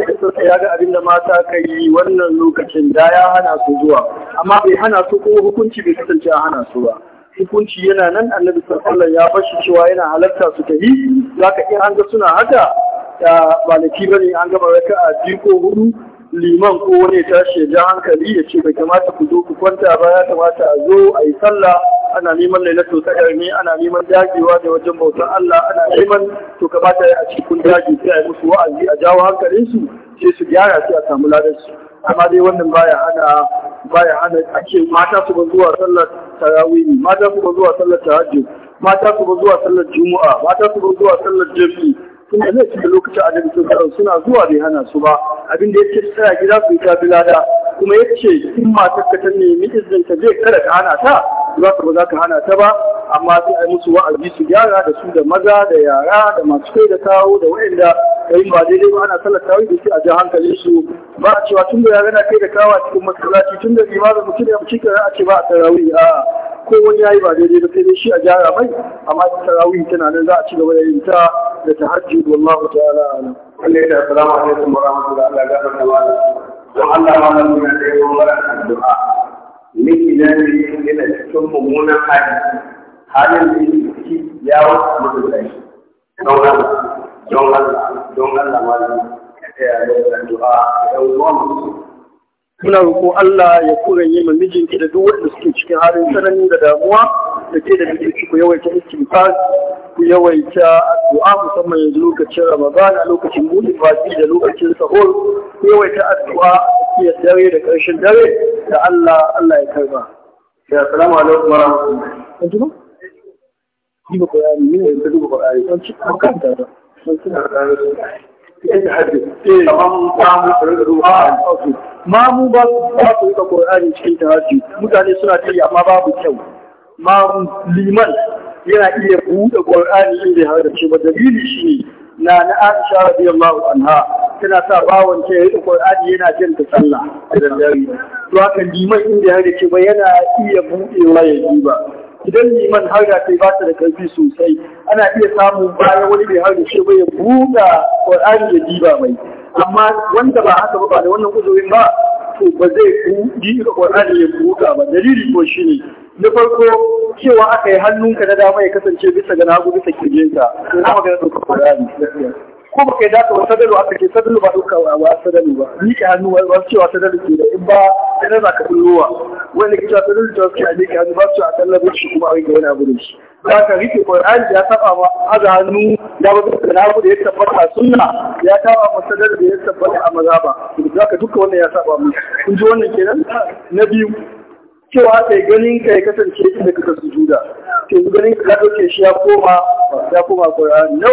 ya ga abin da mata ka yi wannan lokacin da ya hana su zuwa amma bai hana su ko hukunci bai kasance a hana su ba. hukunci yana nan annabi sallallahu ya bashi cewa yana halarta su tafi zaka in an ga suna haka da ba ne an gaba raka'a biyu ko hudu liman ko wani tashi ya ja hankali ya ce bai kamata ku zo ku kwanta ba ya kamata a zo a yi sallah ana neman lailatul qadar ne ana neman dagewa da wajen bautan Allah ana neman to kamata a cikin daji sai a yi musu wa'azi a jawo hankalin su sai su gyara sai a samu ladarsu amma dai wannan baya hana baya hana a ce mata su ba zuwa sallar tarawih mata su ba zuwa sallar tahajjud mata su ba zuwa sallar juma'a mata su ba zuwa sallar jami'i sun da zai da lokacin a daga sun suna zuwa bai hana su ba abin da ya yake tsaya gida su yi ta lada kuma ya ce in matar ka ta nemi izinin ta zai kada ka hana ta za ka ba za ka hana ta ba amma sai a musu wa'azi su gyara da su da maza da yara da masu kai da kawo da waɗanda kai ba daidai ba ana sallar tawi da shi a ji hankalin su ba a cewa tun da yara na kai da kawa cikin masallaci tun da limamin mutum ya mutum a ce ba a tarawih a'a ko wani yayi ba daidai ba sai dai shi a gyara mai amma tarawih tana nan za a ci gaba da yin ta da tahajjud wallahu ta'ala alam Allah ya assalamu alaikum wa rahmatullahi Allah ya gafarta wa don Allah ma nan muna da yawan baran addu'a miki na ne yana cikin mummunan hali halin da yake ciki ya wasu mutunai don Allah don Allah don Allah ma nan ta yi addu'a ya uwa muna roƙo Allah ya yi ma mijinki da duk wanda suke cikin halin tsanani da damuwa da ke da mijinki ku yawaita istighfar ku yawaita addu'a musamman yanzu lokacin Ramadan lokacin buɗe fasi da lokacin sahur ku yawaita addu'a iya dare da ƙarshen dare da Allah Allah ya karba ya assalamu alaikum wa rahmatullahi Ni ba ko ya ni ne da eh, duba ko ai an ci kan ta mamu ba su rika Qur'ani cikin tahajjud mutane suna tayi amma babu kyau mamu liman yana iya buɗe Qur'ani inda ya hada ba dalili shine na na Aisha radiyallahu anha tana sa bawon ta yi Qur'ani yana jin ta sallah da dare to haka liman inda ya hada ba yana iya buɗewa ya ba. idan liman har da kai ba ta da karfi sosai ana iya samun bayan wani bai har da shi bai buɗa Qur'ani ya diba mai amma wanda ba haka ba da wannan uzurin ba to ba zai buɗi Qur'ani ya buɗa ba dalili ko ne, na farko cewa aka yi hannunka na dama ya kasance bisa ga nagu bisa kirjinka to kuma ga ko ba kai dace wa sadalu aka ce sadalu ba duka wa sadalu ba miƙe hannu wa su cewa sadalu ke da in ba idan za ka kullowa wanda ke cewa sadalu ta wasu a miƙe hannu ba su a kallon shi kuma a ga wani abu ne. shi za ka rike Qur'an ya saba ma aza hannu ya ba duka na abu da ya tabbata sunna ya kawo ma sadalu da ya tabbata a mazaba za ka duka wannan ya saba mu kun ji wannan kenan na biyu cewa kai ganin ka ya kasance inda juda? sujuda to ganin ka dauke shi ya koma ya koma Qur'ani na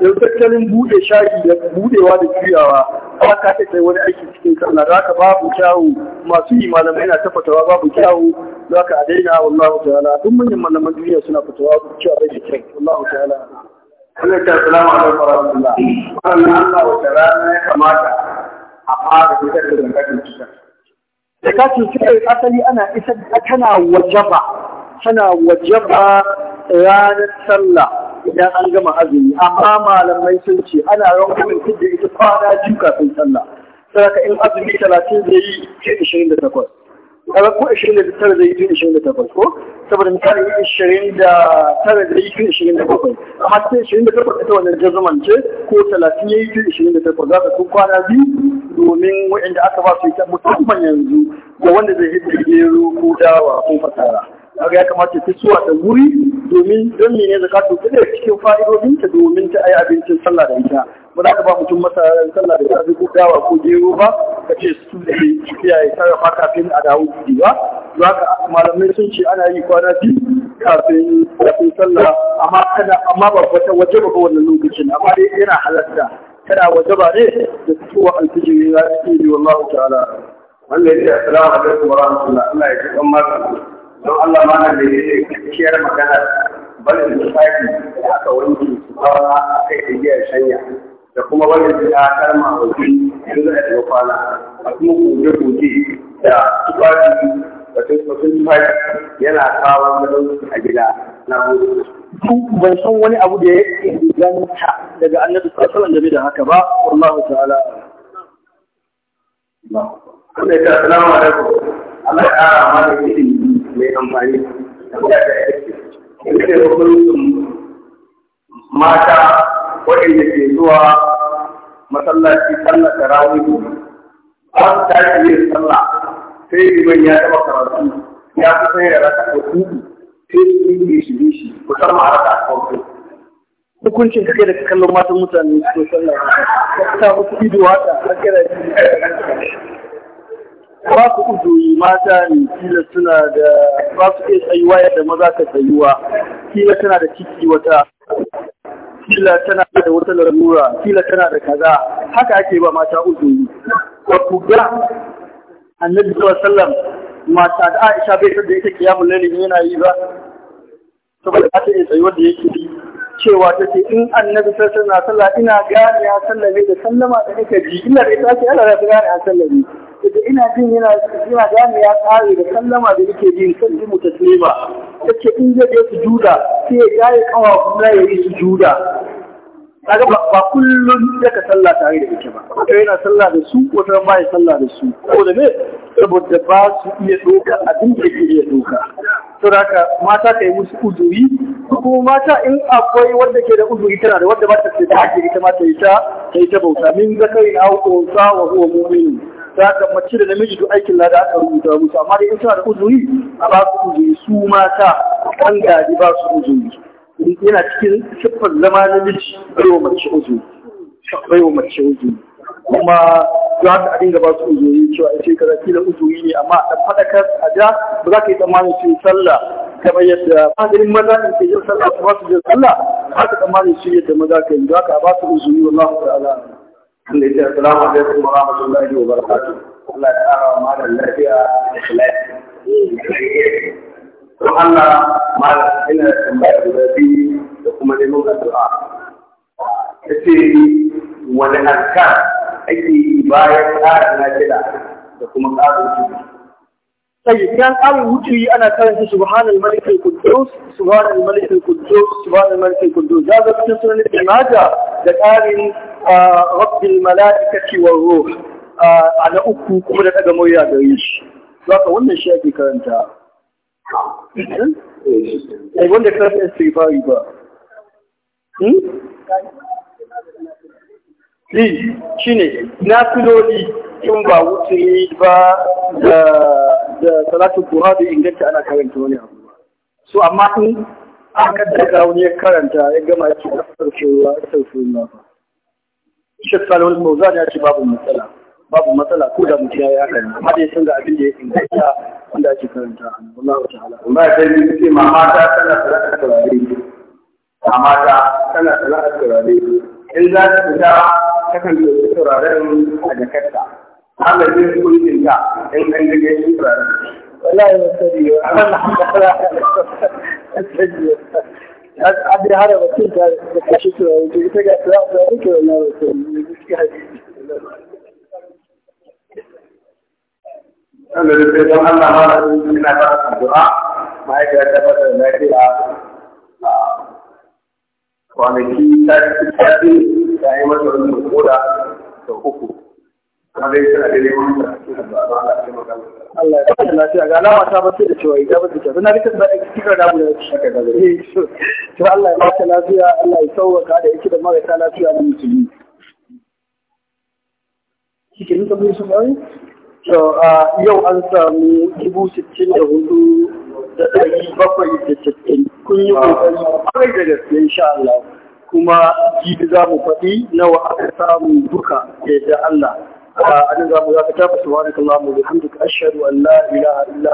yau tattalin bude shaki da budewa da juyawa ba ka ta kai wani aiki cikin sallah za ka babu kyawu masu yi malamai na ta fatawa babu kyawu za ka daina wallahu ta'ala duk manyan malaman duniya suna fatawa ci bai da kyau wallahu ta'ala Allah ta salama alaikum wa rahmatullah. Allah wa da ya kamata a fara fitar da dangantakar da ka cutar asali ana isa tana wajaba tana wajaba ranar sallah idan an gama azumi amma malamai sun ce ana rangwamin da ita kwana biyu kafin sallah saboda in azumi talatin zai yi ke kaga ko 29 zai yi 28 ko saboda misali 29 zai yi 28 amma sai 28 ita wannan jazuman ce ko 30 ya yi 28 za ka kwana biyu domin waɗanda aka ba su ita musamman yanzu da wanda zai yi gero ko dawa ko fasara. kaga ya kamata ta zuwa da wuri domin don ne zakatu ta da cikin fa'idodin ta domin ta ayi abincin sallah da ita ba za ba mutum masa sallah da ita ko dawa ko gero ba ka ce su da tafiya ya sarrafa kafin a dawo gidi ba za ka malamai sun ce ana yi kwana biyu kafin kafin sallah amma kana amma ba wata waje ba wannan lokacin amma dai yana halatta kana waje ba ne da fitowa alfijiri ya ce wallahi ta'ala wannan ya assalamu alaikum wa rahmatullah Allah ya ji kan don Allah ma nan da ya ce kishiyar magana barin tufafi da aka wanke su kwana a kai da giyar shanya da kuma barin su ta karma wajen yanzu a shiga kwana a kuma goge-goge da tufafi batun tufafi yana kawo wajen a gida na gobe. ban san wani abu da ya inganta daga annabi sallallahu alaihi da haka ba wallahu ta'ala. Allah. Assalamu alaikum. Allah ya mai amfani da da Ina da mata waɗanda ke zuwa masallaci sallar da rawihu ba ta tashi yin sallah sai liman ya taɓa karatu ya fi sai ya rasa ko kuɗi sai su yi ne shi shi kusan ma rasa a kawai. Hukuncin kake da kallon matan mutane su sallar ta ta ido haka har kira ba ku uzuri mata ne kila suna da ba su iya tsayuwa yadda maza ka tsayuwa kila tana da ciki wata kila tana da wata larura kila tana da kaza haka ake ba mata uzuri ba ku ga annabi sallallahu mata da Aisha bai da ita kiyamul laili yana yi ba saboda ba ta iya tsayuwar da yake yi cewa ta ce in annabi sallallahu alaihi wasallam ina gane ya sallame da sallama da nake ji illa da ita ake Allah ya gane ya sallame daga ina jin yana da gani ya kare da sallama da yake jin kan ji mutaslima yace in zai je juda sai ya jaye kawa kuma ya yi juda kaga ba kullun ka sallah tare da ita ba ko yana sallah da su wata ba ya sallah da su saboda me saboda ba su iya doka abin da ke iya doka haka mata kai yi musu uzuri ko mata in akwai wanda ke da uzuri tana da wanda ba ta ce ta ita ma ta yi ta ta bauta min zakari au unsa wa huwa mu'min za ka mace da namiji duk aikin lada aka rubuta musu amma da in suna da uzuri a ba su uzuri su mata an gaji ba su uzuri yana cikin siffar zama namiji wa mace uzuri wa mace uzuri kuma za ka dinga ba su uzuri cewa a ce kaza kila uzuri ne amma a faɗakar a ja ba za ka yi tsammanin su sallah kamar yadda maganin maza in ke yin sallah su ba su je sallah ba ka tsammanin su yadda maza ka yi za ka ba su uzuri wallahu ta'ala السلام عليكم ورحمة الله وبركاته الله تعالى مال الذي أخلاق وأنا مال هنا سمعت بذي لكم أن نقطع كثير من الناس أي باية كار من هذا لكم أن تعرفوا طيب كان قال وجهي أنا سبحان الملك القدوس سبحان الملك القدوس سبحان الملك القدوس هذا كنت سنة ماذا؟ ذكرني rabbi mala'ika war ruh a na uku kuma da daga murya gare shi ka wannan shi ake karanta a wanda ka sai fari ba Li shi ne, na filoli in ba wuturi ba da salatu kura da inganta ana karanta wani abu So amma in an kaddara wani ya karanta ya gama ya ce asarfin ruwa, asarfin ruwa ba. Shek Salihul Mauza ya ce babu matsala, babu matsala ko da mutum ya yi hakan, amma dai sun ga abin da ya inganta wanda ake karanta a nan, Allah ta hala. Ba ta yi ce ma mata tana sana'ar turare, ma mata tana sana'ar turare, in za ta fita takan ɗauki turaren a jakarta, haka zai kuncin ta in an daga yin turaren. Wallahi wasu riyo, amma na haka za a abin hada mutum da kashi turare da ita ga tura da ake wani rasu Nan da Allah ma da rufe ina fara addu'a ma'aikata ta fata da lafiya a kwanaki ta fi ta yi masa wani koda da uku. Allah ya ta da da da eh, lafiya Allah ya sauwaka da yake da marasa lafiya nuka su yau an samu dubu sittin da hudu da ɗari bakwai da sittin kun yi kokari da gaske insha Allah kuma jibi za mu faɗi nawa aka samu duka da Allah a nan za mu za ka tafi subhanakallahumma wa bihamdika ashhadu an la ilaha illa